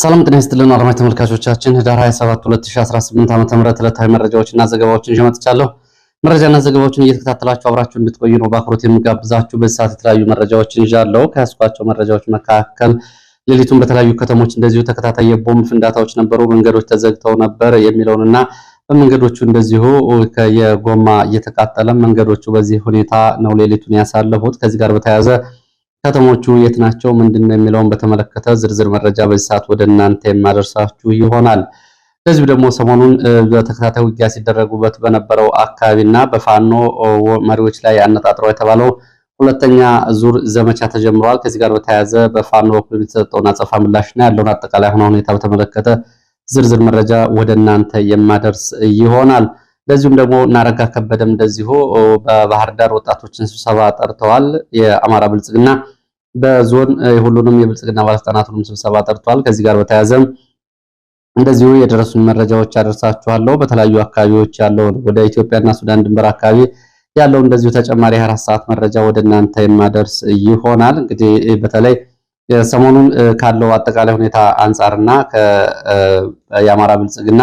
ሰላም ጤና ይስጥልን አድማጭ ተመልካቾቻችን፣ ህዳር 27 2018 ዓ.ም ዕለታዊ መረጃዎችና ዘገባዎችን ይዤ መጥቻለሁ። መረጃና ዘገባዎችን እየተከታተላችሁ አብራችሁ እንድትቆዩ ነው በአክብሮት የምጋብዛችሁ። በዚህ ሰዓት የተለያዩ መረጃዎችን ይዣለሁ። ከያዝኳቸው መረጃዎች መካከል ሌሊቱን በተለያዩ ከተሞች እንደዚሁ ተከታታይ የቦምብ ፍንዳታዎች ነበሩ፣ መንገዶች ተዘግተው ነበር የሚለውንና በመንገዶቹ እንደዚሁ የጎማ እየተቃጠለ መንገዶቹ በዚህ ሁኔታ ነው ሌሊቱን ያሳለፉት። ከዚህ ጋር በተያያዘ ከተሞቹ የት ናቸው ምንድን ነው የሚለውን በተመለከተ ዝርዝር መረጃ በዚህ ሰዓት ወደ እናንተ የማደርሳችሁ ይሆናል። ለዚሁ ደግሞ ሰሞኑን በተከታታይ ውጊያ ሲደረጉበት በነበረው አካባቢና በፋኖ መሪዎች ላይ አነጣጥረው የተባለው ሁለተኛ ዙር ዘመቻ ተጀምረዋል። ከዚህ ጋር በተያያዘ በፋኖ በኩል የተሰጠውን አጸፋ ምላሽና ያለውን አጠቃላይ ሆነ ሁኔታ በተመለከተ ዝርዝር መረጃ ወደ እናንተ የማደርስ ይሆናል። እንደዚሁም ደግሞ እናረጋ ከበደም እንደዚሁ በባህር ዳር ወጣቶችን ስብሰባ ጠርተዋል። የአማራ ብልጽግና በዞን የሁሉንም የብልጽግና ባለስልጣናት ስብሰባ ጠርቷል። ከዚህ ጋር በተያያዘ እንደዚሁ የደረሱን መረጃዎች አደርሳችኋለሁ። በተለያዩ አካባቢዎች ያለውን ወደ ኢትዮጵያና ሱዳን ድንበር አካባቢ ያለው እንደዚሁ ተጨማሪ 24 ሰዓት መረጃ ወደ እናንተ የማደርስ ይሆናል። እንግዲህ በተለይ ሰሞኑን ካለው አጠቃላይ ሁኔታ አንጻርና የአማራ ብልጽግና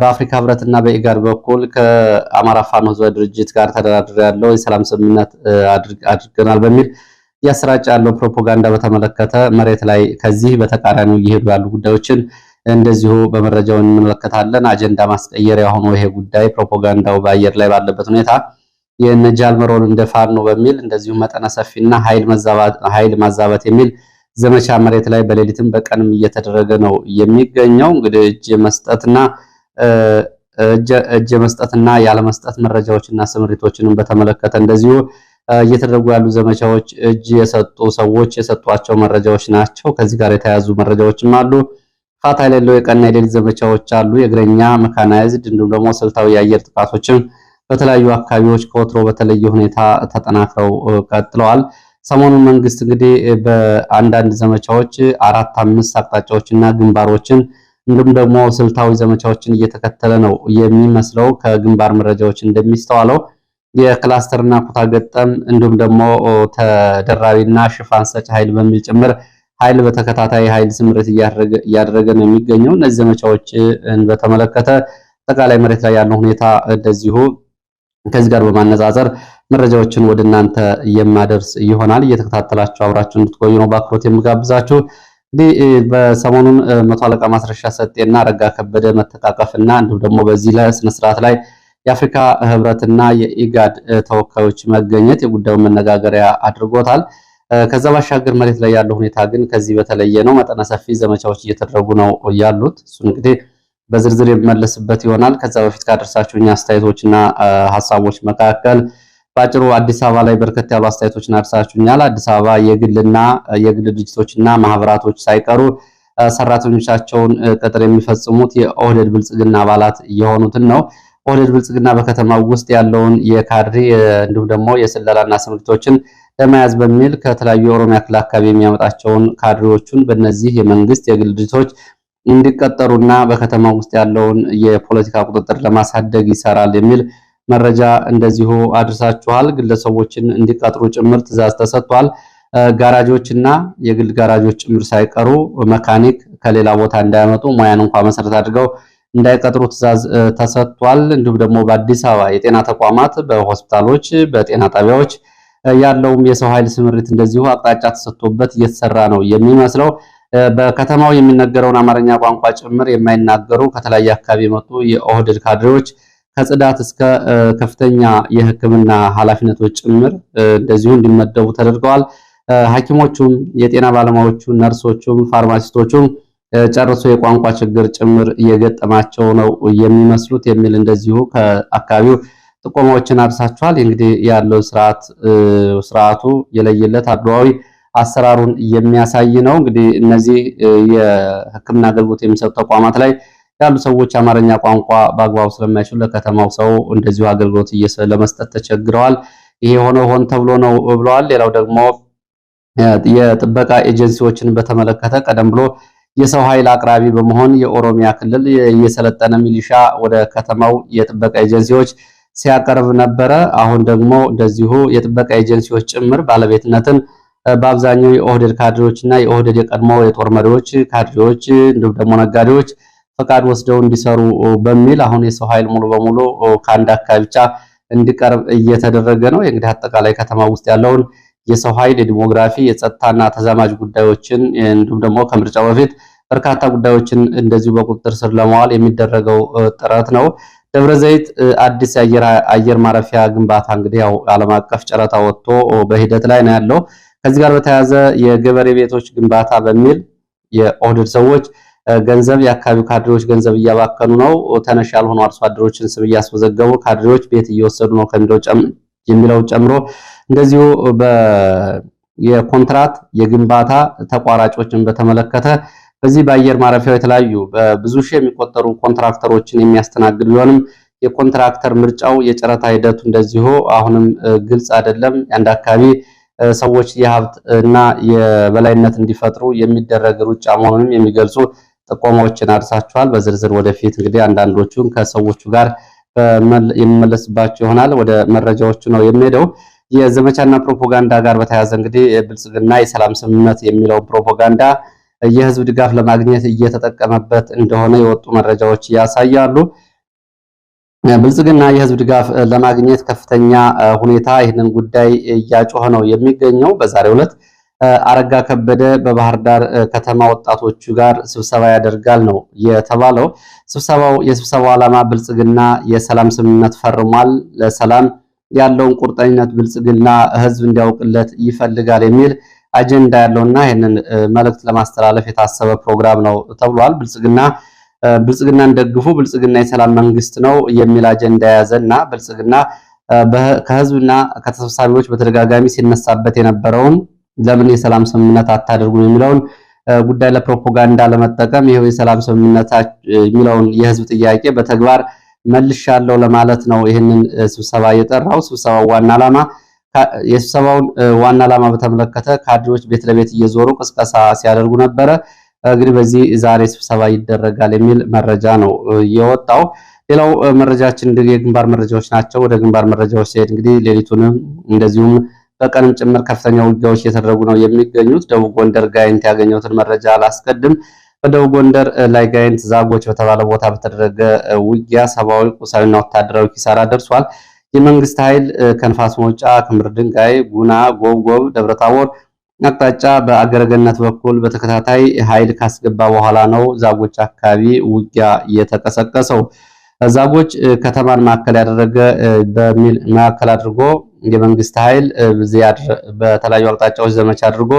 በአፍሪካ ህብረትና በኢጋድ በኩል ከአማራ ፋኖ ህዝባዊ ድርጅት ጋር ተደራድሮ ያለው የሰላም ስምምነት አድርገናል በሚል እያሰራጨ ያለው ፕሮፓጋንዳ በተመለከተ መሬት ላይ ከዚህ በተቃራኒው እየሄዱ ያሉ ጉዳዮችን እንደዚሁ በመረጃው እንመለከታለን። አጀንዳ ማስቀየር ሆኖ ይሄ ጉዳይ ፕሮፓጋንዳው በአየር ላይ ባለበት ሁኔታ የነ ጃልመሮን እንደ ፋኖ በሚል እንደዚሁ መጠነ ሰፊና ኃይል ማዛባት የሚል ዘመቻ መሬት ላይ በሌሊትም በቀንም እየተደረገ ነው የሚገኘው። እንግዲህ እጅ መስጠትና እጅ መስጠትና ያለመስጠት መረጃዎችና ስምሪቶችንም በተመለከተ እንደዚሁ እየተደረጉ ያሉ ዘመቻዎች እጅ የሰጡ ሰዎች የሰጧቸው መረጃዎች ናቸው። ከዚህ ጋር የተያዙ መረጃዎችም አሉ። ፋታ የሌለው የቀና የሌሊት ዘመቻዎች አሉ። የእግረኛ መካናይዝድ እንዲሁም ደግሞ ስልታዊ የአየር ጥቃቶችም በተለያዩ አካባቢዎች ከወትሮ በተለየ ሁኔታ ተጠናክረው ቀጥለዋል። ሰሞኑን መንግስት እንግዲህ በአንዳንድ ዘመቻዎች አራት አምስት አቅጣጫዎችና ግንባሮችን እንዲሁም ደግሞ ስልታዊ ዘመቻዎችን እየተከተለ ነው የሚመስለው ከግንባር መረጃዎች እንደሚስተዋለው የክላስተርና ኩታ ገጠም እንዲሁም ደግሞ ተደራቢና ሽፋን ሰጭ ኃይል በሚል ጭምር ኃይል በተከታታይ ኃይል ስምሪት እያደረገ ነው የሚገኘው። እነዚህ ዘመቻዎችን በተመለከተ አጠቃላይ መሬት ላይ ያለው ሁኔታ እንደዚሁ ከዚህ ጋር በማነጻጸር መረጃዎችን ወደ እናንተ የማደርስ ይሆናል። እየተከታተላችሁ አብራችሁ እንድትቆዩ ነው በአክብሮት የምጋብዛችሁ። እንግዲህ በሰሞኑን መቶ አለቃ ማስረሻ ሰጤና ረጋ ከበደ መተቃቀፍና እንዲሁም ደግሞ በዚህ ለስነስርዓት ላይ የአፍሪካ ህብረትና የኢጋድ ተወካዮች መገኘት የጉዳዩ መነጋገሪያ አድርጎታል። ከዛ ባሻገር መሬት ላይ ያለው ሁኔታ ግን ከዚህ በተለየ ነው። መጠነ ሰፊ ዘመቻዎች እየተደረጉ ነው ያሉት። እሱን እንግዲህ በዝርዝር የመለስበት ይሆናል። ከዛ በፊት ካደረሳችሁኝ አስተያየቶችና ሀሳቦች መካከል በአጭሩ አዲስ አበባ ላይ በርከት ያሉ አስተያየቶችን አድርሳችሁኛል። አዲስ አበባ የግልና የግል ድርጅቶችና ማህበራቶች ሳይቀሩ ሰራተኞቻቸውን ቅጥር የሚፈጽሙት የኦህደድ ብልጽግና አባላት የሆኑትን ነው። ኦህዴድ ብልጽግና በከተማው ውስጥ ያለውን የካድሬ እንዲሁም ደግሞ የስለላና ስምሪቶችን ለመያዝ በሚል ከተለያዩ የኦሮሚያ ክልል አካባቢ የሚያመጣቸውን ካድሬዎቹን በእነዚህ የመንግስት የግል ድርጅቶች እንዲቀጠሩና በከተማ ውስጥ ያለውን የፖለቲካ ቁጥጥር ለማሳደግ ይሰራል የሚል መረጃ እንደዚሁ አድርሳችኋል። ግለሰቦችን እንዲቀጥሩ ጭምር ትዕዛዝ ተሰጥቷል። ጋራጆች እና የግል ጋራጆች ጭምር ሳይቀሩ መካኒክ ከሌላ ቦታ እንዳያመጡ ሙያን እንኳ መሰረት አድርገው እንዳይቀጥሩ ትዕዛዝ ተሰጥቷል። እንዲሁም ደግሞ በአዲስ አበባ የጤና ተቋማት፣ በሆስፒታሎች፣ በጤና ጣቢያዎች ያለውም የሰው ኃይል ስምሪት እንደዚሁ አቅጣጫ ተሰጥቶበት እየተሰራ ነው የሚመስለው። በከተማው የሚነገረውን አማርኛ ቋንቋ ጭምር የማይናገሩ ከተለያየ አካባቢ የመጡ የኦህዴድ ካድሬዎች ከጽዳት እስከ ከፍተኛ የሕክምና ኃላፊነቶች ጭምር እንደዚሁ እንዲመደቡ ተደርገዋል። ሐኪሞቹም የጤና ባለሙያዎቹ፣ ነርሶቹም፣ ፋርማሲስቶቹም ጨርሶ የቋንቋ ችግር ጭምር እየገጠማቸው ነው የሚመስሉት የሚል እንደዚሁ ከአካባቢው ጥቆማዎችን አድርሳችኋል። እንግዲህ ያለው ስርዓት ስርዓቱ የለየለት አድሏዊ አሰራሩን የሚያሳይ ነው። እንግዲህ እነዚህ የሕክምና አገልግሎት የሚሰጡ ተቋማት ላይ ያሉ ሰዎች አማርኛ ቋንቋ በአግባቡ ስለማይችሉ ለከተማው ሰው እንደዚሁ አገልግሎት ለመስጠት ተቸግረዋል። ይሄ ሆኖ ሆን ተብሎ ነው ብለዋል። ሌላው ደግሞ የጥበቃ ኤጀንሲዎችን በተመለከተ ቀደም ብሎ የሰው ኃይል አቅራቢ በመሆን የኦሮሚያ ክልል የሰለጠነ ሚሊሻ ወደ ከተማው የጥበቃ ኤጀንሲዎች ሲያቀርብ ነበረ። አሁን ደግሞ እንደዚሁ የጥበቃ ኤጀንሲዎች ጭምር ባለቤትነትን በአብዛኛው የኦህዴድ ካድሬዎች እና የኦህዴድ የቀድሞ የጦር መሪዎች ካድሬዎች፣ እንዲሁም ደግሞ ነጋዴዎች ፈቃድ ወስደው እንዲሰሩ በሚል አሁን የሰው ኃይል ሙሉ በሙሉ ከአንድ አካባቢ ብቻ እንዲቀርብ እየተደረገ ነው። እንግዲህ አጠቃላይ ከተማ ውስጥ ያለውን የሰው ኃይል፣ የዲሞግራፊ፣ የጸጥታና ተዛማጅ ጉዳዮችን እንዲሁም ደግሞ ከምርጫ በፊት በርካታ ጉዳዮችን እንደዚሁ በቁጥጥር ስር ለመዋል የሚደረገው ጥረት ነው። ደብረ ዘይት አዲስ አየር ማረፊያ ግንባታ እንግዲህ ያው ዓለም አቀፍ ጨረታ ወጥቶ በሂደት ላይ ነው ያለው። ከዚህ ጋር በተያያዘ የገበሬ ቤቶች ግንባታ በሚል የኦህዴድ ሰዎች ገንዘብ የአካባቢው ካድሬዎች ገንዘብ እያባከኑ ነው። ተነሽ ያልሆኑ አርሶ አደሮችን ስም እያስመዘገቡ ካድሬዎች ቤት እየወሰዱ ነው ከሚለው የሚለው ጨምሮ እንደዚሁ የኮንትራት የግንባታ ተቋራጮችን በተመለከተ በዚህ በአየር ማረፊያው የተለያዩ በብዙ ሺህ የሚቆጠሩ ኮንትራክተሮችን የሚያስተናግድ ቢሆንም የኮንትራክተር ምርጫው የጨረታ ሂደቱ እንደዚሁ አሁንም ግልጽ አይደለም። የአንድ አካባቢ ሰዎች የሀብት እና የበላይነት እንዲፈጥሩ የሚደረግ ሩጫ መሆኑንም የሚገልጹ ጥቆማዎችን አድርሳችኋል። በዝርዝር ወደፊት እንግዲህ አንዳንዶቹን ከሰዎቹ ጋር የምመለስባቸው ይሆናል። ወደ መረጃዎቹ ነው የሚሄደው የዘመቻና ፕሮፓጋንዳ ጋር በተያያዘ እንግዲህ ብልጽግና የሰላም ስምምነት የሚለውን ፕሮፓጋንዳ የህዝብ ድጋፍ ለማግኘት እየተጠቀመበት እንደሆነ የወጡ መረጃዎች ያሳያሉ። ብልጽግና የህዝብ ድጋፍ ለማግኘት ከፍተኛ ሁኔታ ይህንን ጉዳይ እያጮኸ ነው የሚገኘው በዛሬው ዕለት አረጋ ከበደ በባህር ዳር ከተማ ወጣቶቹ ጋር ስብሰባ ያደርጋል ነው የተባለው። ስብሰባው የስብሰባው ዓላማ ብልጽግና የሰላም ስምምነት ፈርሟል፣ ለሰላም ያለውን ቁርጠኝነት ብልጽግና ህዝብ እንዲያውቅለት ይፈልጋል የሚል አጀንዳ ያለውና ይህንን መልእክት ለማስተላለፍ የታሰበ ፕሮግራም ነው ተብሏል። ብልጽግና ብልጽግናን ደግፉ፣ ብልጽግና የሰላም መንግስት ነው የሚል አጀንዳ የያዘና ብልጽግና ከህዝብና ከተሰብሳቢዎች በተደጋጋሚ ሲነሳበት የነበረውን ለምን የሰላም ስምምነት አታደርጉም የሚለውን ጉዳይ ለፕሮፓጋንዳ ለመጠቀም ይሄው የሰላም ስምምነት የሚለውን የህዝብ ጥያቄ በተግባር መልሻለሁ ለማለት ነው ይህንን ስብሰባ የጠራው። ስብሰባው ዋና ዓላማ የስብሰባውን ዋና ዓላማ በተመለከተ ካድሬዎች ቤት ለቤት እየዞሩ ቅስቀሳ ሲያደርጉ ነበረ። እንግዲህ በዚህ ዛሬ ስብሰባ ይደረጋል የሚል መረጃ ነው የወጣው። ሌላው መረጃችን የግንባር መረጃዎች ናቸው። ወደ ግንባር መረጃዎች ሲሄድ እንግዲህ ሌሊቱንም እንደዚሁም በቀንም ጭምር ከፍተኛ ውጊያዎች እየተደረጉ ነው የሚገኙት። ደቡብ ጎንደር ጋይንት ያገኘሁትን መረጃ አላስቀድም። በደቡብ ጎንደር ላይ ጋይንት ዛጎች በተባለ ቦታ በተደረገ ውጊያ ሰብአዊ፣ ቁሳዊና ወታደራዊ ኪሳራ ደርሷል። የመንግስት ኃይል ከንፋስ መውጫ ክምር ድንጋይ፣ ጉና፣ ጎብጎብ፣ ደብረታቦር አቅጣጫ በአገረገነት በኩል በተከታታይ ኃይል ካስገባ በኋላ ነው ዛጎች አካባቢ ውጊያ እየተቀሰቀሰው። ዛጎች ከተማን ማዕከል ያደረገ በሚል ማዕከል አድርጎ የመንግስት ኃይል በተለያዩ አቅጣጫዎች ዘመቻ አድርጎ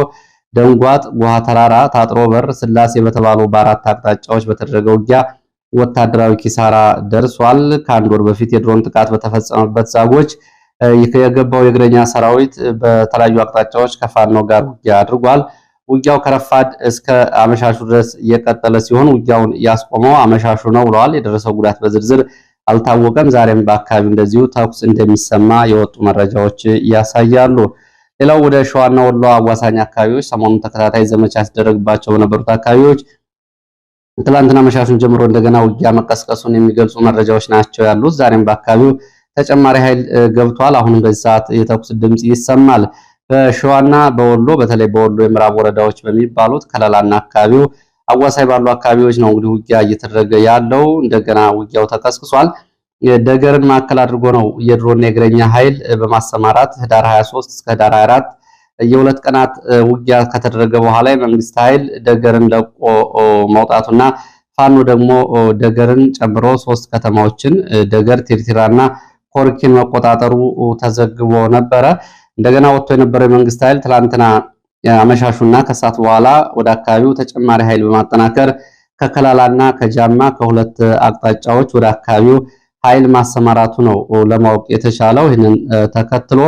ደንጓጥ፣ ውሃ ተራራ፣ ታጥሮ በር፣ ስላሴ በተባሉ በአራት አቅጣጫዎች በተደረገ ውጊያ ወታደራዊ ኪሳራ ደርሷል። ከአንድ ወር በፊት የድሮን ጥቃት በተፈጸመበት ዛጎች የገባው የእግረኛ ሰራዊት በተለያዩ አቅጣጫዎች ከፋኖ ጋር ውጊያ አድርጓል። ውጊያው ከረፋድ እስከ አመሻሹ ድረስ እየቀጠለ ሲሆን ውጊያውን ያስቆመው አመሻሹ ነው ብለዋል። የደረሰው ጉዳት በዝርዝር አልታወቀም። ዛሬም በአካባቢው እንደዚሁ ተኩስ እንደሚሰማ የወጡ መረጃዎች ያሳያሉ። ሌላው ወደ ሸዋና ወሎ አዋሳኝ አካባቢዎች ሰሞኑን ተከታታይ ዘመቻ ሲደረግባቸው በነበሩት አካባቢዎች ትላንትና አመሻሹን ጀምሮ እንደገና ውጊያ መቀስቀሱን የሚገልጹ መረጃዎች ናቸው ያሉት። ዛሬም በአካባቢው ተጨማሪ ኃይል ገብቷል። አሁንም በዚህ ሰዓት የተኩስ ድምፅ ይሰማል። በሸዋና በወሎ በተለይ በወሎ የምዕራብ ወረዳዎች በሚባሉት ከለላና አካባቢው አዋሳኝ ባሉ አካባቢዎች ነው እንግዲህ ውጊያ እየተደረገ ያለው። እንደገና ውጊያው ተቀስቅሷል። ደገርን ማዕከል አድርጎ ነው የድሮና የእግረኛ ኃይል በማሰማራት ህዳር 23 እስከ ህዳር 24 የሁለት ቀናት ውጊያ ከተደረገ በኋላ የመንግስት ኃይል ደገርን ለቆ መውጣቱና ፋኖ ደግሞ ደገርን ጨምሮ ሶስት ከተማዎችን ደገር፣ ቲርቲራና ኮርኪን መቆጣጠሩ ተዘግቦ ነበረ። እንደገና ወጥቶ የነበረው የመንግስት ኃይል ትላንትና አመሻሹና ከሰዓት በኋላ ወደ አካባቢው ተጨማሪ ኃይል በማጠናከር ከከላላና ከጃማ ከሁለት አቅጣጫዎች ወደ አካባቢው ኃይል ማሰማራቱ ነው ለማወቅ የተቻለው። ይህንን ተከትሎ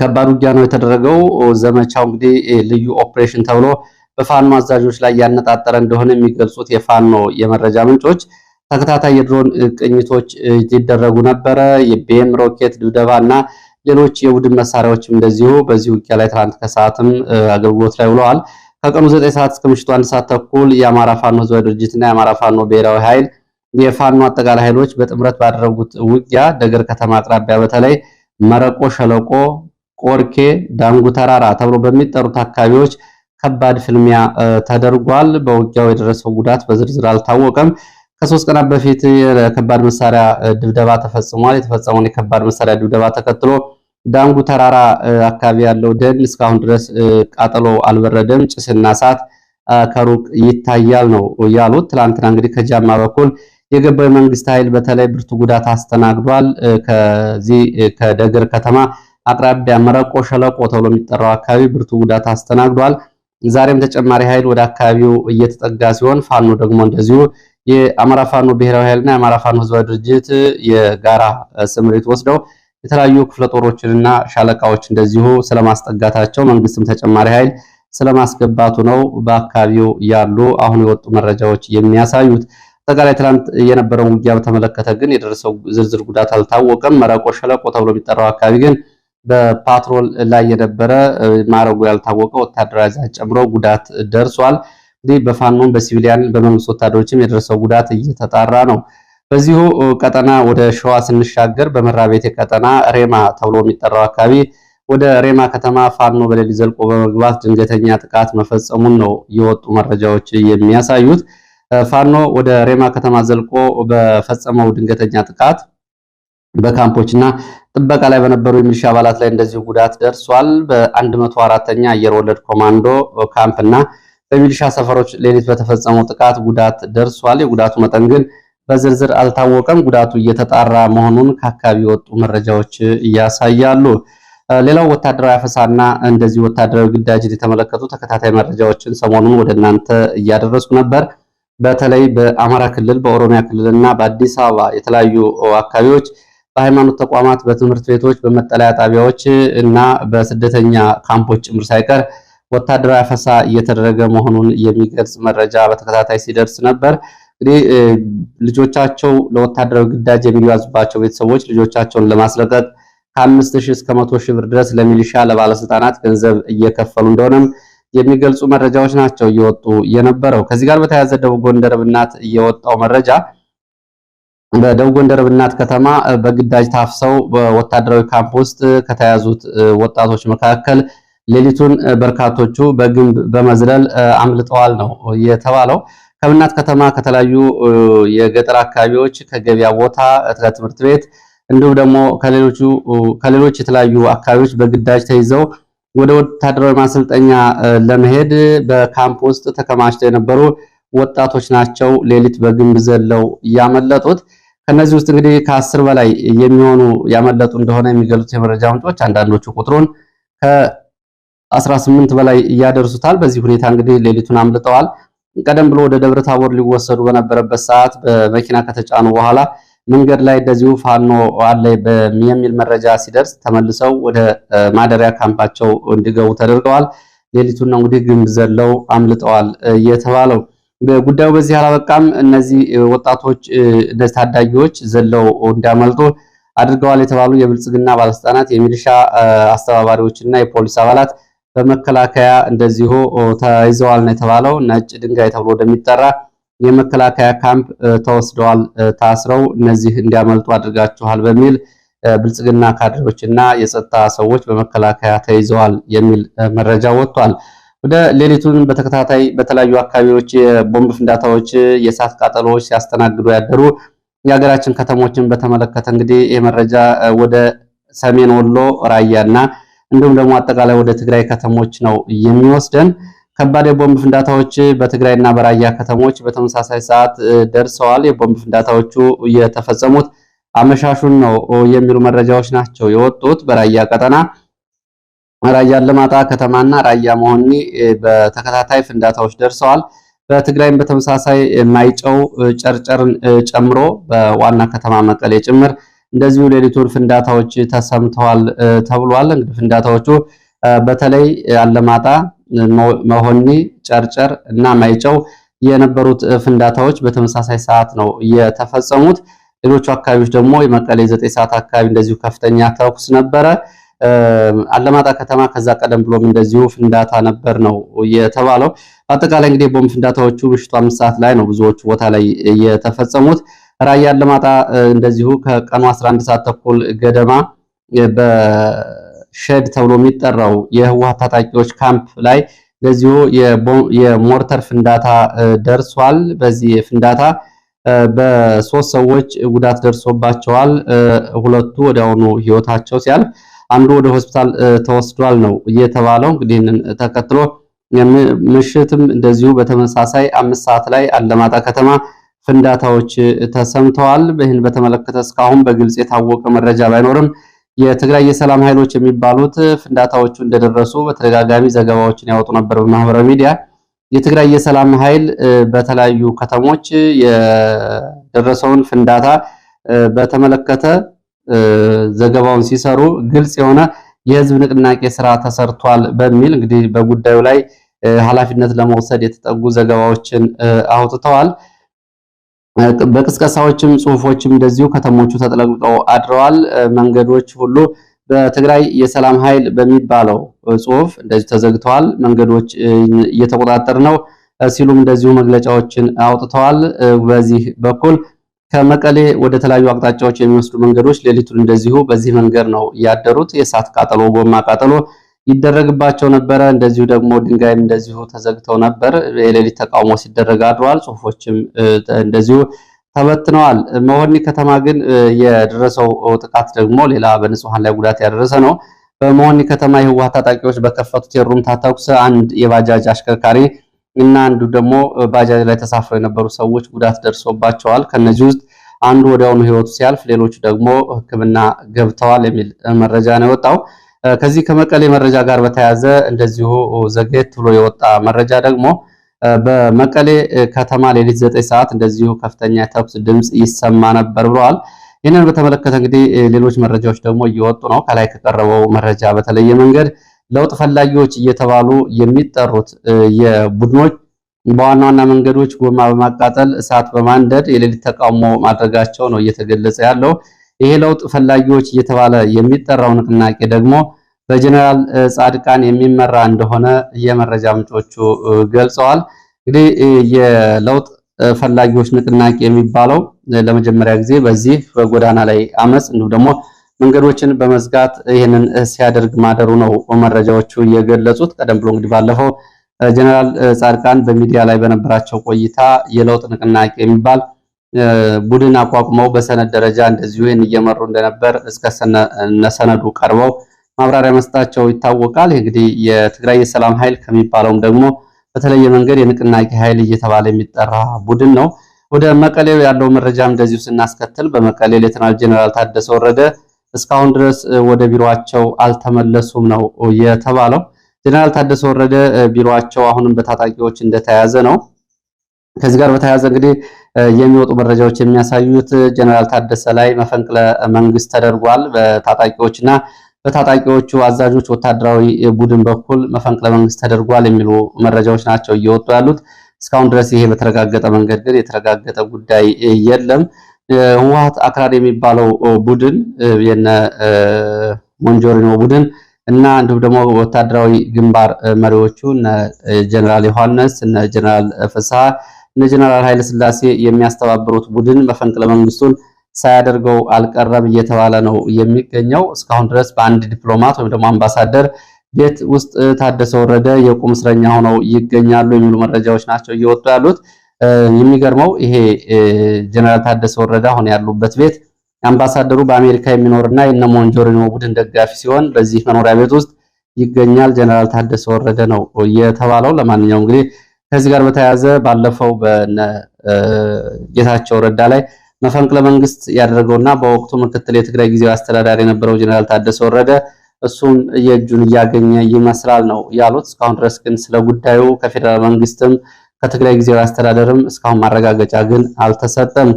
ከባድ ውጊያ ነው የተደረገው። ዘመቻው እንግዲህ ልዩ ኦፕሬሽን ተብሎ በፋኖ አዛዦች ላይ ያነጣጠረ እንደሆነ የሚገልጹት የፋኖ የመረጃ ምንጮች ተከታታይ የድሮን ቅኝቶች ይደረጉ ነበረ። የቤም ሮኬት ድብደባ እና ሌሎች የቡድን መሳሪያዎችም እንደዚሁ በዚህ ውጊያ ላይ ትናንት ከሰዓትም አገልግሎት ላይ ውለዋል። ከቀኑ ዘጠኝ ሰዓት እስከ ምሽቱ አንድ ሰዓት ተኩል የአማራ ፋኖ ህዝባዊ ድርጅትና የአማራ ፋኖ ብሔራዊ ኃይል የፋኖ አጠቃላይ ኃይሎች በጥምረት ባደረጉት ውጊያ ደገር ከተማ አቅራቢያ በተለይ መረቆ ሸለቆ፣ ቆርኬ፣ ዳንጉ ተራራ ተብሎ በሚጠሩት አካባቢዎች ከባድ ፍልሚያ ተደርጓል። በውጊያው የደረሰው ጉዳት በዝርዝር አልታወቀም። ከሶስት ቀናት በፊት የከባድ መሳሪያ ድብደባ ተፈጽሟል። የተፈጸመውን የከባድ መሳሪያ ድብደባ ተከትሎ ዳንጉ ተራራ አካባቢ ያለው ደን እስካሁን ድረስ ቃጠሎ አልበረደም፣ ጭስና እሳት ከሩቅ ይታያል ነው ያሉት። ትላንትና እንግዲህ ከጃማ በኩል የገባው የመንግስት ኃይል በተለይ ብርቱ ጉዳት አስተናግዷል። ከዚህ ከደገር ከተማ አቅራቢያ መረቆ ሸለቆ ተብሎ የሚጠራው አካባቢ ብርቱ ጉዳት አስተናግዷል። ዛሬም ተጨማሪ ኃይል ወደ አካባቢው እየተጠጋ ሲሆን ፋኖ ደግሞ እንደዚሁ የአማራ ፋኖ ብሔራዊ ኃይልና የአማራ ፋኖ ህዝባዊ ድርጅት የጋራ ስምሪት ወስደው የተለያዩ ክፍለ ጦሮችንና ሻለቃዎች እንደዚሁ ስለማስጠጋታቸው መንግስትም ተጨማሪ ኃይል ስለማስገባቱ ነው በአካባቢው ያሉ አሁን የወጡ መረጃዎች የሚያሳዩት። አጠቃላይ ትናንት የነበረውን ውጊያ በተመለከተ ግን የደረሰው ዝርዝር ጉዳት አልታወቀም። መረቆ ሸለቆ ተብሎ የሚጠራው አካባቢ ግን በፓትሮል ላይ የነበረ ማረጉ ያልታወቀ ወታደራዊ አዛዥ ጨምሮ ጉዳት ደርሷል። እንግዲህ በፋኖም በሲቪሊያን በመንግስት ወታደሮችም የደረሰው ጉዳት እየተጣራ ነው። በዚሁ ቀጠና ወደ ሸዋ ስንሻገር በመራ ቤቴ ቀጠና ሬማ ተብሎ የሚጠራው አካባቢ ወደ ሬማ ከተማ ፋኖ በሌሊት ዘልቆ በመግባት ድንገተኛ ጥቃት መፈጸሙን ነው የወጡ መረጃዎች የሚያሳዩት። ፋኖ ወደ ሬማ ከተማ ዘልቆ በፈጸመው ድንገተኛ ጥቃት በካምፖችና ጥበቃ ላይ በነበሩ የሚሊሻ አባላት ላይ እንደዚሁ ጉዳት ደርሷል። በ104ኛ አየር ወለድ ኮማንዶ ካምፕና በሚሊሻ ሰፈሮች ሌሊት በተፈጸመው ጥቃት ጉዳት ደርሷል። የጉዳቱ መጠን ግን በዝርዝር አልታወቀም። ጉዳቱ እየተጣራ መሆኑን ከአካባቢ የወጡ መረጃዎች እያሳያሉ። ሌላው ወታደራዊ አፈሳና እንደዚህ ወታደራዊ ግዳጅን የተመለከቱ ተከታታይ መረጃዎችን ሰሞኑን ወደ እናንተ እያደረሱ ነበር። በተለይ በአማራ ክልል በኦሮሚያ ክልል እና በአዲስ አበባ የተለያዩ አካባቢዎች በሃይማኖት ተቋማት፣ በትምህርት ቤቶች፣ በመጠለያ ጣቢያዎች እና በስደተኛ ካምፖች ጭምር ሳይቀር ወታደራዊ አፈሳ እየተደረገ መሆኑን የሚገልጽ መረጃ በተከታታይ ሲደርስ ነበር። እንግዲህ ልጆቻቸው ለወታደራዊ ግዳጅ የሚጓዙባቸው ቤተሰቦች ልጆቻቸውን ለማስለቀቅ ከአምስት ሺህ እስከ መቶ ሺህ ብር ድረስ ለሚሊሻ ለባለስልጣናት ገንዘብ እየከፈሉ እንደሆነም የሚገልጹ መረጃዎች ናቸው እየወጡ የነበረው። ከዚህ ጋር በተያያዘ ደቡብ ጎንደር ብናት የወጣው መረጃ በደቡብ ጎንደር ብናት ከተማ በግዳጅ ታፍሰው በወታደራዊ ካምፕ ውስጥ ከተያዙት ወጣቶች መካከል ሌሊቱን በርካቶቹ በግንብ በመዝለል አምልጠዋል ነው የተባለው። ከምናት ከተማ ከተለያዩ የገጠር አካባቢዎች ከገበያ ቦታ ከትምህርት ቤት እንዲሁም ደግሞ ከሌሎች የተለያዩ አካባቢዎች በግዳጅ ተይዘው ወደ ወታደራዊ ማሰልጠኛ ለመሄድ በካምፕ ውስጥ ተከማችተው የነበሩ ወጣቶች ናቸው ሌሊት በግንብ ዘለው ያመለጡት። ከነዚህ ውስጥ እንግዲህ ከአስር በላይ የሚሆኑ ያመለጡ እንደሆነ የሚገልጹት የመረጃ ምንጮች አንዳንዶቹ ቁጥሩን 18 በላይ ያደርሱታል። በዚህ ሁኔታ እንግዲህ ሌሊቱን አምልጠዋል። ቀደም ብሎ ወደ ደብረ ታቦር ሊወሰዱ በነበረበት ሰዓት በመኪና ከተጫኑ በኋላ መንገድ ላይ እንደዚሁ ፋኖ አለ የሚል መረጃ ሲደርስ ተመልሰው ወደ ማደሪያ ካምፓቸው እንዲገቡ ተደርገዋል። ሌሊቱን ነው እንግዲህ ግንብ ዘለው አምልጠዋል የተባለው። ጉዳዩ በዚህ አላበቃም። እነዚህ ወጣቶች እነዚህ ታዳጊዎች ዘለው እንዲያመልጡ አድርገዋል የተባሉ የብልጽግና ባለስልጣናት፣ የሚሊሻ አስተባባሪዎች እና የፖሊስ አባላት በመከላከያ እንደዚሁ ተይዘዋል ነው የተባለው። ነጭ ድንጋይ ተብሎ እንደሚጠራ የመከላከያ ካምፕ ተወስደዋል፣ ታስረው እነዚህ እንዲያመልጡ አድርጋችኋል በሚል ብልጽግና ካድሬዎች እና የጸጥታ ሰዎች በመከላከያ ተይዘዋል የሚል መረጃ ወጥቷል። ወደ ሌሊቱን በተከታታይ በተለያዩ አካባቢዎች የቦምብ ፍንዳታዎች፣ የእሳት ቃጠሎዎች ሲያስተናግዱ ያደሩ የሀገራችን ከተሞችን በተመለከተ እንግዲህ ይህ መረጃ ወደ ሰሜን ወሎ ራያና እንዲሁም ደግሞ አጠቃላይ ወደ ትግራይ ከተሞች ነው የሚወስደን። ከባድ የቦምብ ፍንዳታዎች በትግራይና በራያ ከተሞች በተመሳሳይ ሰዓት ደርሰዋል። የቦምብ ፍንዳታዎቹ የተፈጸሙት አመሻሹን ነው የሚሉ መረጃዎች ናቸው የወጡት። በራያ ቀጠና ራያ አላማጣ ከተማና ራያ መሆኒ በተከታታይ ፍንዳታዎች ደርሰዋል። በትግራይም በተመሳሳይ ማይጨው ጨርጨርን ጨምሮ በዋና ከተማ መቀሌ ጭምር እንደዚሁ ሌሊቱን ፍንዳታዎች ተሰምተዋል ተብሏል። እንግዲህ ፍንዳታዎቹ በተለይ አለማጣ፣ መሆኒ፣ ጨርጨር እና ማይጨው የነበሩት ፍንዳታዎች በተመሳሳይ ሰዓት ነው የተፈጸሙት። ሌሎቹ አካባቢዎች ደግሞ የመቀሌ ዘጠኝ ሰዓት አካባቢ እንደዚሁ ከፍተኛ ተኩስ ነበረ። አለማጣ ከተማ ከዛ ቀደም ብሎም እንደዚሁ ፍንዳታ ነበር ነው የተባለው። በአጠቃላይ እንግዲህ ቦምብ ፍንዳታዎቹ ምሽቱ አምስት ሰዓት ላይ ነው ብዙዎቹ ቦታ ላይ የተፈጸሙት። ራያ አለማጣ እንደዚሁ ከቀኑ 11 ሰዓት ተኩል ገደማ በሸድ ተብሎ የሚጠራው የህወሓት ታጣቂዎች ካምፕ ላይ እንደዚሁ የሞርተር ፍንዳታ ደርሷል። በዚህ ፍንዳታ በሶስት ሰዎች ጉዳት ደርሶባቸዋል። ሁለቱ ወዲያውኑ ህይወታቸው ሲያልፍ አንዱ ወደ ሆስፒታል ተወስዷል ነው እየተባለው። እንግዲህ ተከትሎ ምሽትም እንደዚሁ በተመሳሳይ አምስት ሰዓት ላይ አለማጣ ከተማ ፍንዳታዎች ተሰምተዋል። ይህን በተመለከተ እስካሁን በግልጽ የታወቀ መረጃ ባይኖርም የትግራይ የሰላም ኃይሎች የሚባሉት ፍንዳታዎቹ እንደደረሱ በተደጋጋሚ ዘገባዎችን ያወጡ ነበር በማህበራዊ ሚዲያ። የትግራይ የሰላም ኃይል በተለያዩ ከተሞች የደረሰውን ፍንዳታ በተመለከተ ዘገባውን ሲሰሩ ግልጽ የሆነ የህዝብ ንቅናቄ ስራ ተሰርቷል በሚል እንግዲህ በጉዳዩ ላይ ኃላፊነት ለመውሰድ የተጠጉ ዘገባዎችን አውጥተዋል። በቅስቀሳዎችም ጽሁፎችም እንደዚሁ ከተሞቹ ተጥለቅልቀው አድረዋል። መንገዶች ሁሉ በትግራይ የሰላም ኃይል በሚባለው ጽሁፍ እንደዚሁ ተዘግተዋል። መንገዶች እየተቆጣጠር ነው ሲሉም እንደዚሁ መግለጫዎችን አውጥተዋል። በዚህ በኩል ከመቀሌ ወደ ተለያዩ አቅጣጫዎች የሚወስዱ መንገዶች ሌሊቱን እንደዚሁ በዚህ መንገድ ነው ያደሩት። የእሳት ቃጠሎ፣ ጎማ ቃጠሎ ይደረግባቸው ነበረ። እንደዚሁ ደግሞ ድንጋይም እንደዚሁ ተዘግተው ነበር። የሌሊት ተቃውሞ ሲደረግ አድሯል። ጽሁፎችም እንደዚሁ ተበትነዋል። መሆኒ ከተማ ግን የደረሰው ጥቃት ደግሞ ሌላ በንጹሐን ላይ ጉዳት ያደረሰ ነው። በመሆኒ ከተማ የህወሓት ታጣቂዎች በከፈቱት የሩምታ ተኩስ አንድ የባጃጅ አሽከርካሪ እና አንዱ ደግሞ ባጃጅ ላይ ተሳፍረው የነበሩ ሰዎች ጉዳት ደርሶባቸዋል። ከነዚህ ውስጥ አንዱ ወዲያውኑ ህይወቱ ሲያልፍ፣ ሌሎቹ ደግሞ ሕክምና ገብተዋል የሚል መረጃ ነው የወጣው። ከዚህ ከመቀሌ መረጃ ጋር በተያያዘ እንደዚሁ ዘግየት ብሎ የወጣ መረጃ ደግሞ በመቀሌ ከተማ ሌሊት ዘጠኝ ሰዓት እንደዚሁ ከፍተኛ የተኩስ ድምፅ ይሰማ ነበር ብለዋል። ይህንን በተመለከተ እንግዲህ ሌሎች መረጃዎች ደግሞ እየወጡ ነው። ከላይ ከቀረበው መረጃ በተለየ መንገድ ለውጥ ፈላጊዎች እየተባሉ የሚጠሩት የቡድኖች በዋና ዋና መንገዶች ጎማ በማቃጠል እሳት በማንደድ የሌሊት ተቃውሞ ማድረጋቸው ነው እየተገለጸ ያለው። ይሄ ለውጥ ፈላጊዎች እየተባለ የሚጠራው ንቅናቄ ደግሞ በጀነራል ጻድቃን የሚመራ እንደሆነ የመረጃ ምንጮቹ ገልጸዋል። እንግዲህ የለውጥ ፈላጊዎች ንቅናቄ የሚባለው ለመጀመሪያ ጊዜ በዚህ በጎዳና ላይ አመፅ እንዲሁም ደግሞ መንገዶችን በመዝጋት ይህንን ሲያደርግ ማደሩ ነው መረጃዎቹ የገለጹት። ቀደም ብሎ እንግዲህ ባለፈው ጀነራል ጻድቃን በሚዲያ ላይ በነበራቸው ቆይታ የለውጥ ንቅናቄ የሚባል ቡድን አቋቁመው በሰነድ ደረጃ እንደዚሁ ይህን እየመሩ እንደነበር እስከ ሰነዱ ቀርበው ማብራሪያ መስጠታቸው ይታወቃል። ይህ እንግዲህ የትግራይ የሰላም ኃይል ከሚባለውም ደግሞ በተለየ መንገድ የንቅናቄ ኃይል እየተባለ የሚጠራ ቡድን ነው። ወደ መቀሌው ያለው መረጃም እንደዚሁ ስናስከትል በመቀሌ ሌተናል ጀነራል ታደሰ ወረደ እስካሁን ድረስ ወደ ቢሮቸው አልተመለሱም ነው የተባለው። ጀነራል ታደሰ ወረደ ቢሮቸው አሁንም በታጣቂዎች እንደተያዘ ነው። ከዚህ ጋር በተያያዘ እንግዲህ የሚወጡ መረጃዎች የሚያሳዩት ጀነራል ታደሰ ላይ መፈንቅለ መንግስት ተደርጓል በታጣቂዎች በታጣቂዎቹ አዛዦች ወታደራዊ ቡድን በኩል መፈንቅለ መንግስት ተደርጓል የሚሉ መረጃዎች ናቸው እየወጡ ያሉት። እስካሁን ድረስ ይሄ በተረጋገጠ መንገድ ግን የተረጋገጠ ጉዳይ የለም። የህወሀት አክራሪ የሚባለው ቡድን የነ ሞንጆሪኖ ቡድን እና እንዲሁም ደግሞ ወታደራዊ ግንባር መሪዎቹ እነ ጀነራል ዮሐንስ እነ ጀነራል ፍስሐ እነ ጀነራል ኃይለስላሴ የሚያስተባብሩት ቡድን መፈንቅለ መንግስቱን ሳያደርገው አልቀረም እየተባለ ነው የሚገኘው። እስካሁን ድረስ በአንድ ዲፕሎማት ወይም ደግሞ አምባሳደር ቤት ውስጥ ታደሰ ወረደ የቁም እስረኛ ሆነው ይገኛሉ የሚሉ መረጃዎች ናቸው እየወጡ ያሉት። የሚገርመው ይሄ ጀነራል ታደሰ ወረደ አሁን ያሉበት ቤት አምባሳደሩ በአሜሪካ የሚኖርና የነ ሞንጆሪኖ ቡድን ደጋፊ ሲሆን በዚህ መኖሪያ ቤት ውስጥ ይገኛል። ጀነራል ታደሰ ወረደ ነው የተባለው። ለማንኛውም እንግዲህ ከዚህ ጋር በተያያዘ ባለፈው በጌታቸው ረዳ ላይ መፈንቅለ መንግስት ያደረገውና በወቅቱ ምክትል የትግራይ ጊዜያዊ አስተዳዳሪ የነበረው ጀነራል ታደሰ ወረደ እሱም የእጁን እያገኘ ይመስላል ነው ያሉት። እስካሁን ድረስ ግን ስለ ጉዳዩ ከፌዴራል መንግስትም ከትግራይ ጊዜያዊ አስተዳደርም እስካሁን ማረጋገጫ ግን አልተሰጠም።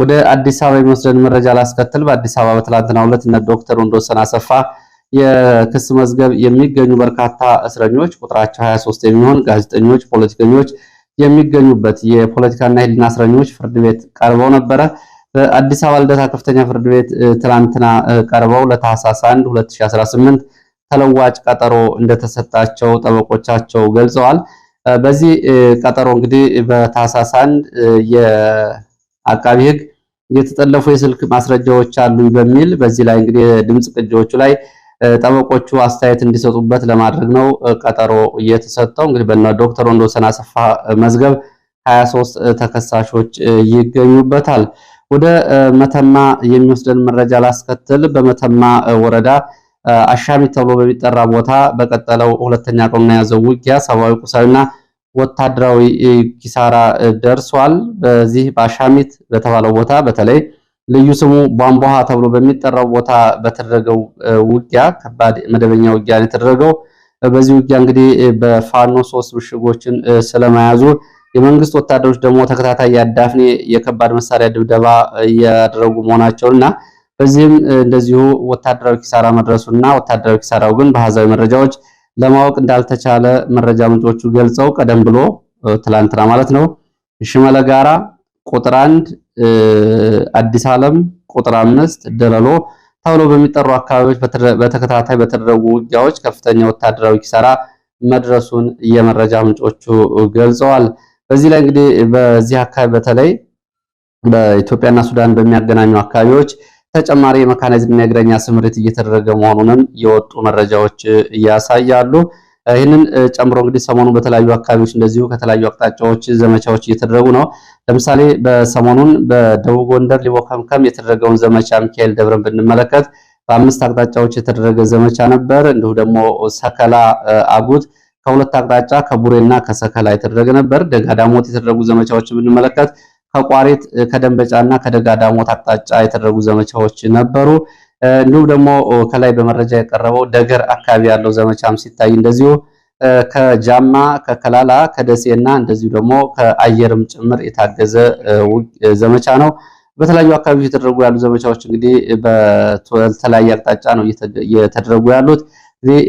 ወደ አዲስ አበባ የሚወስደን መረጃ ላስከትል። በአዲስ አበባ በትላንትናው ዕለት እነ ዶክተር ወንዶሰን አሰፋ የክስ መዝገብ የሚገኙ በርካታ እስረኞች ቁጥራቸው 23 የሚሆን ጋዜጠኞች፣ ፖለቲከኞች የሚገኙበት የፖለቲካና የሕሊና እስረኞች ፍርድ ቤት ቀርበው ነበረ። በአዲስ አበባ ልደታ ከፍተኛ ፍርድ ቤት ትላንትና ቀርበው ለታህሳስ 1 2018 ተለዋጭ ቀጠሮ እንደተሰጣቸው ጠበቆቻቸው ገልጸዋል። በዚህ ቀጠሮ እንግዲህ በታህሳስ አንድ የአቃቢ ህግ የተጠለፉ የስልክ ማስረጃዎች አሉኝ በሚል በዚህ ላይ እንግዲህ ድምፅ ቅጂዎቹ ላይ ጠበቆቹ አስተያየት እንዲሰጡበት ለማድረግ ነው ቀጠሮ እየተሰጠው። እንግዲህ በእነ ዶክተር ወንዶሰን አሰፋ መዝገብ 23 ተከሳሾች ይገኙበታል። ወደ መተማ የሚወስደን መረጃ ላስከትል። በመተማ ወረዳ አሻሚ ተብሎ በሚጠራ ቦታ በቀጠለው ሁለተኛ ቀኑን የያዘው ውጊያ ሰብአዊ ቁሳዊና ወታደራዊ ኪሳራ ደርሷል። በዚህ በአሻሚት በተባለው ቦታ በተለይ ልዩ ስሙ ቧንቧሃ ተብሎ በሚጠራው ቦታ በተደረገው ውጊያ ከባድ መደበኛ ውጊያ የተደረገው። በዚህ ውጊያ እንግዲህ በፋኖ ሶስት ምሽጎችን ስለመያዙ የመንግስት ወታደሮች ደግሞ ተከታታይ ያዳፍኔ የከባድ መሳሪያ ድብደባ እያደረጉ መሆናቸውና በዚህም እንደዚሁ ወታደራዊ ኪሳራ መድረሱና ወታደራዊ ኪሳራው ግን በአሃዛዊ መረጃዎች ለማወቅ እንዳልተቻለ መረጃ ምንጮቹ ገልጸው ቀደም ብሎ ትላንትና ማለት ነው ጋራ ቁጥር አንድ አዲስ ዓለም ቁጥር አምስት ደለሎ ተብሎ በሚጠሩ አካባቢዎች በተከታታይ በተደረጉ ውጊያዎች ከፍተኛ ወታደራዊ ኪሳራ መድረሱን የመረጃ ምንጮቹ ገልጸዋል። በዚህ ላይ እንግዲህ በዚህ አካባቢ በተለይ በኢትዮጵያና ሱዳን በሚያገናኙ አካባቢዎች ተጨማሪ የመካናይዝድና የእግረኛ ስምሪት እየተደረገ መሆኑንም የወጡ መረጃዎች ያሳያሉ። ይህንን ጨምሮ እንግዲህ ሰሞኑን በተለያዩ አካባቢዎች እንደዚሁ ከተለያዩ አቅጣጫዎች ዘመቻዎች እየተደረጉ ነው። ለምሳሌ በሰሞኑን በደቡብ ጎንደር ሊቦ ከምከም የተደረገውን ዘመቻ ሚካኤል ደብረን ብንመለከት በአምስት አቅጣጫዎች የተደረገ ዘመቻ ነበር። እንዲሁ ደግሞ ሰከላ አጉት ከሁለት አቅጣጫ ከቡሬና ከሰከላ የተደረገ ነበር። ደጋዳሞት የተደረጉ ዘመቻዎች ብንመለከት ከቋሪት ከደንበጫና ከደጋዳሞት አቅጣጫ የተደረጉ ዘመቻዎች ነበሩ። እንዲሁም ደግሞ ከላይ በመረጃ የቀረበው ደገር አካባቢ ያለው ዘመቻም ሲታይ እንደዚሁ ከጃማ ከከላላ ከደሴና እንደዚሁ ደግሞ ከአየርም ጭምር የታገዘ ዘመቻ ነው። በተለያዩ አካባቢዎች የተደረጉ ያሉ ዘመቻዎች እንግዲህ በተለያየ አቅጣጫ ነው እየተደረጉ ያሉት።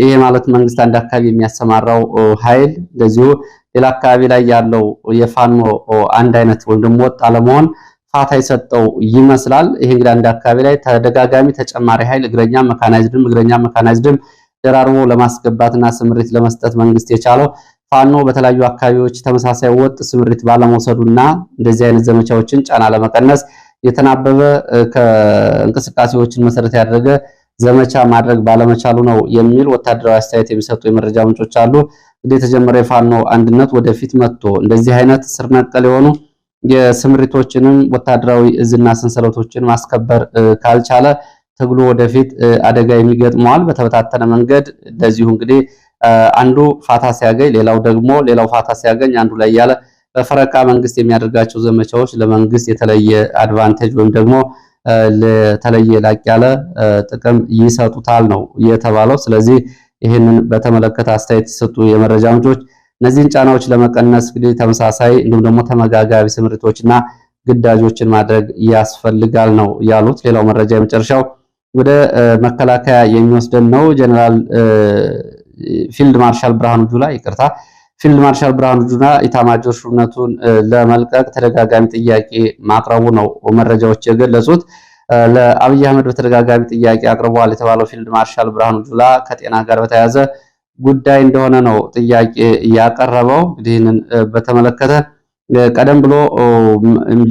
ይሄ ማለት መንግስት አንድ አካባቢ የሚያሰማራው ኃይል እንደዚሁ ሌላ አካባቢ ላይ ያለው የፋኖ አንድ አይነት ወይም ደግሞ ወጥ አለመሆን ፋታ የሰጠው ይመስላል። ይሄ እንግዲህ አንድ አካባቢ ላይ ተደጋጋሚ ተጨማሪ ኃይል እግረኛ መካናይዝድም እግረኛ መካናይዝድም ደራርቦ ለማስገባትና ስምሪት ለመስጠት መንግስት የቻለው ፋኖ በተለያዩ አካባቢዎች ተመሳሳይ ወጥ ስምሪት ባለመውሰዱና እንደዚህ አይነት ዘመቻዎችን ጫና ለመቀነስ የተናበበ ከእንቅስቃሴዎችን መሰረት ያደረገ ዘመቻ ማድረግ ባለመቻሉ ነው የሚል ወታደራዊ አስተያየት የሚሰጡ የመረጃ ምንጮች አሉ። የተጀመረ የፋኖ አንድነት ወደፊት መጥቶ እንደዚህ አይነት ስር ነቀል የሆኑ የስምሪቶችንም ወታደራዊ እዝና ሰንሰለቶችን ማስከበር ካልቻለ ትግሉ ወደፊት አደጋ የሚገጥመዋል። በተበታተነ መንገድ እንደዚሁ እንግዲህ አንዱ ፋታ ሲያገኝ ሌላው ደግሞ ሌላው ፋታ ሲያገኝ አንዱ ላይ ያለ በፈረቃ መንግስት የሚያደርጋቸው ዘመቻዎች ለመንግስት የተለየ አድቫንቴጅ ወይም ደግሞ ለተለየ ላቅ ያለ ጥቅም ይሰጡታል ነው የተባለው። ስለዚህ ይህንን በተመለከተ አስተያየት ሲሰጡ የመረጃ ምንጮች እነዚህን ጫናዎች ለመቀነስ እንግዲህ ተመሳሳይ እንዲሁም ደግሞ ተመጋጋቢ ስምሪቶችና ግዳጆችን ማድረግ ያስፈልጋል ነው ያሉት። ሌላው መረጃ የመጨረሻው ወደ መከላከያ የሚወስደን ነው። ጀነራል ፊልድ ማርሻል ብርሃኑ ጁላ ይቅርታ፣ ፊልድ ማርሻል ብርሃኑ ጁላ ኢታማጆር ሹምነቱን ለመልቀቅ ተደጋጋሚ ጥያቄ ማቅረቡ ነው መረጃዎች የገለጹት። ለአብይ አህመድ በተደጋጋሚ ጥያቄ አቅርቧል የተባለው ፊልድ ማርሻል ብርሃኑ ጁላ ከጤና ጋር በተያያዘ ጉዳይ እንደሆነ ነው ጥያቄ ያቀረበው። እንግዲህንን በተመለከተ ቀደም ብሎ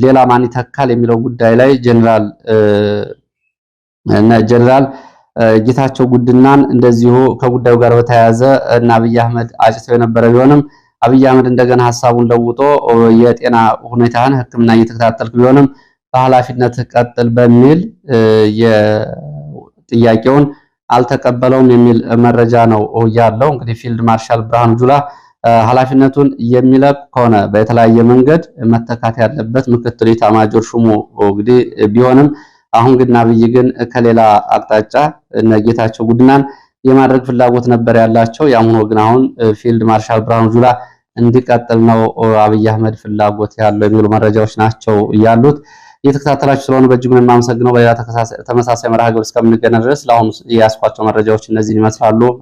ሌላ ማን ይተካል የሚለው ጉዳይ ላይ ጀነራል እና ጌታቸው ጉድናን እንደዚሁ ከጉዳዩ ጋር በተያያዘ እና አብይ አህመድ አጭተው የነበረ ቢሆንም አብይ አህመድ እንደገና ሀሳቡን ለውጦ የጤና ሁኔታን ሕክምና እየተከታተልክ ቢሆንም በኃላፊነት ቀጥል በሚል ጥያቄውን አልተቀበለውም የሚል መረጃ ነው ያለው። እንግዲህ ፊልድ ማርሻል ብርሃኑ ጁላ ኃላፊነቱን የሚለቅ ከሆነ በተለያየ መንገድ መተካት ያለበት ምክትል ኢታማጆር ሹሙ እንግዲህ ቢሆንም አሁን ግን አብይ ግን ከሌላ አቅጣጫ እነ ጌታቸው ጉድናን የማድረግ ፍላጎት ነበር ያላቸው። ያም ሆኖ ግን አሁን ፊልድ ማርሻል ብርሃኑ ጁላ እንዲቀጥል ነው አብይ አህመድ ፍላጎት ያለው የሚሉ መረጃዎች ናቸው ያሉት። እየተከታተላችሁ ስለሆነ በእጅጉ የማመሰግነው። በሌላ ተመሳሳይ መርሃ ግብር እስከምንገናኝ ድረስ ለአሁኑ የያዝኳቸው መረጃዎች እነዚህን ይመስላሉ።